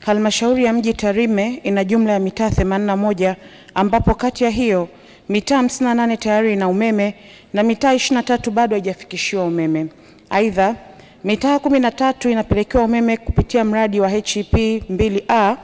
Halmashauri ya mji Tarime ina jumla ya mitaa 81 ambapo kati ya hiyo mitaa 58 tayari ina umeme na mitaa 23 bado haijafikishiwa umeme. Aidha, mitaa 13 inapelekewa umeme kupitia mradi wa HEP 2A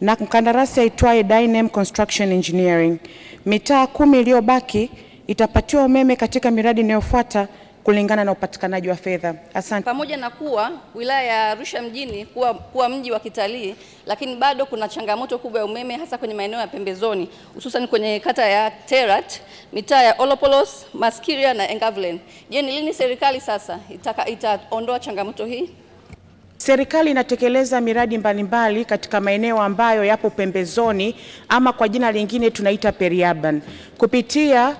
na mkandarasi aitwaye Dynam Construction Engineering. Mitaa kumi iliyobaki itapatiwa umeme katika miradi inayofuata kulingana na upatikanaji wa fedha. Asante. Pamoja na kuwa wilaya ya Arusha mjini kuwa, kuwa mji wa kitalii, lakini bado kuna changamoto kubwa ya umeme hasa kwenye maeneo ya pembezoni, hususan kwenye kata ya Terat, mitaa ya Olopolos, Maskiria na Engavlen. Je, ni lini serikali sasa itaka itaondoa changamoto hii? Serikali inatekeleza miradi mbalimbali mbali katika maeneo ambayo yapo pembezoni ama kwa jina lingine tunaita periaban Kupitia uh,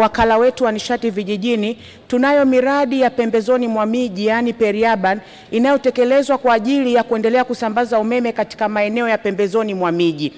wakala wetu wa nishati vijijini, tunayo miradi ya pembezoni mwa miji yani periaban inayotekelezwa kwa ajili ya kuendelea kusambaza umeme katika maeneo ya pembezoni mwa miji.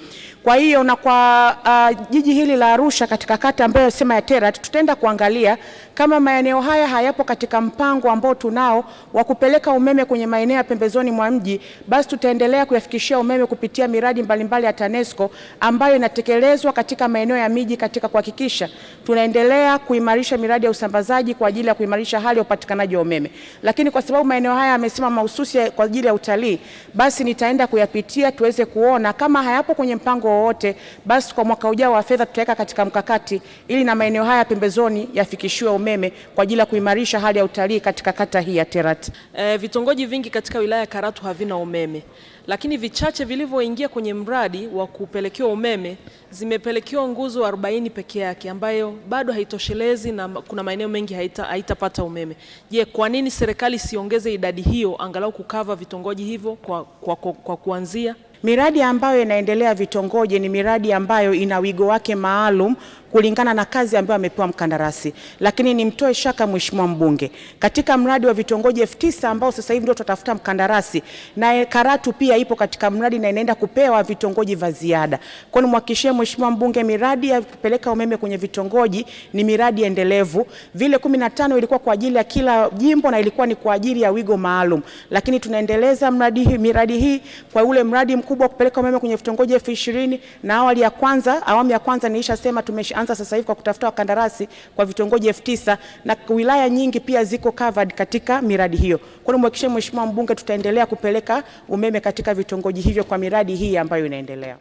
Kwa hiyo na kwa uh, jiji hili la Arusha katika kata ambayo sema ya Terrat, tutaenda kuangalia kama maeneo haya hayapo katika mpango ambao tunao wa kupeleka umeme kwenye maeneo ya pembezoni mwa mji, basi tutaendelea kuyafikishia umeme kupitia miradi mbalimbali ya TANESCO ambayo inatekelezwa katika maeneo ya miji katika kuhakikisha tunaendelea kuimarisha miradi ya usambazaji kwa ajili ya kuimarisha hali ya upatikanaji wa umeme. Lakini kwa sababu maeneo haya yamesema mahususi kwa ajili ya utalii, basi nitaenda kuyapitia tuweze kuona kama hayapo kwenye mpango wowote, basi kwa mwaka ujao wa fedha tutaweka katika mkakati ili na maeneo haya pembezoni yafikishiwe umeme kwa ajili ya kuimarisha hali ya utalii katika kata hii ya Terrat. E, vitongoji vingi katika wilaya ya Karatu havina umeme, lakini vichache vilivyoingia kwenye mradi wa kupelekewa umeme zimepelekewa nguzo 40 peke yake ambayo bado haitoshelezi na kuna maeneo mengi haita, haitapata umeme. Je, kwa nini serikali siongeze idadi hiyo angalau kukava vitongoji hivyo kwa, kwa, kwa, kwa kuanzia? Miradi ambayo inaendelea vitongoji ni miradi ambayo ina wigo wake maalum kulingana na kazi ambayo amepewa mkandarasi, lakini nimtoe shaka mheshimiwa mbunge katika mradi wa vitongoji elfu tisa ambao sasa hivi ndio tutatafuta mkandarasi, na Karatu pia ipo katika mradi na inaenda kupewa vitongoji vya ziada. Kwa hiyo nimhakikishie mheshimiwa mbunge, miradi ya kupeleka umeme kwenye vitongoji ni miradi endelevu. Vile 15 ilikuwa kwa ajili ya kila jimbo na ilikuwa ni kwa ajili ya wigo maalum, lakini tunaendeleza mradi hii, miradi hii kwa ule mradi kubwa kupeleka umeme kwenye vitongoji elfu ishirini na awali ya kwanza, awamu ya kwanza niishasema tumeanza sasa hivi kwa kutafuta wakandarasi kwa vitongoji elfu tisa na wilaya nyingi pia ziko covered katika miradi hiyo. Kwa hiyo mwakishe Mheshimiwa Mbunge, tutaendelea kupeleka umeme katika vitongoji hivyo kwa miradi hii ambayo inaendelea.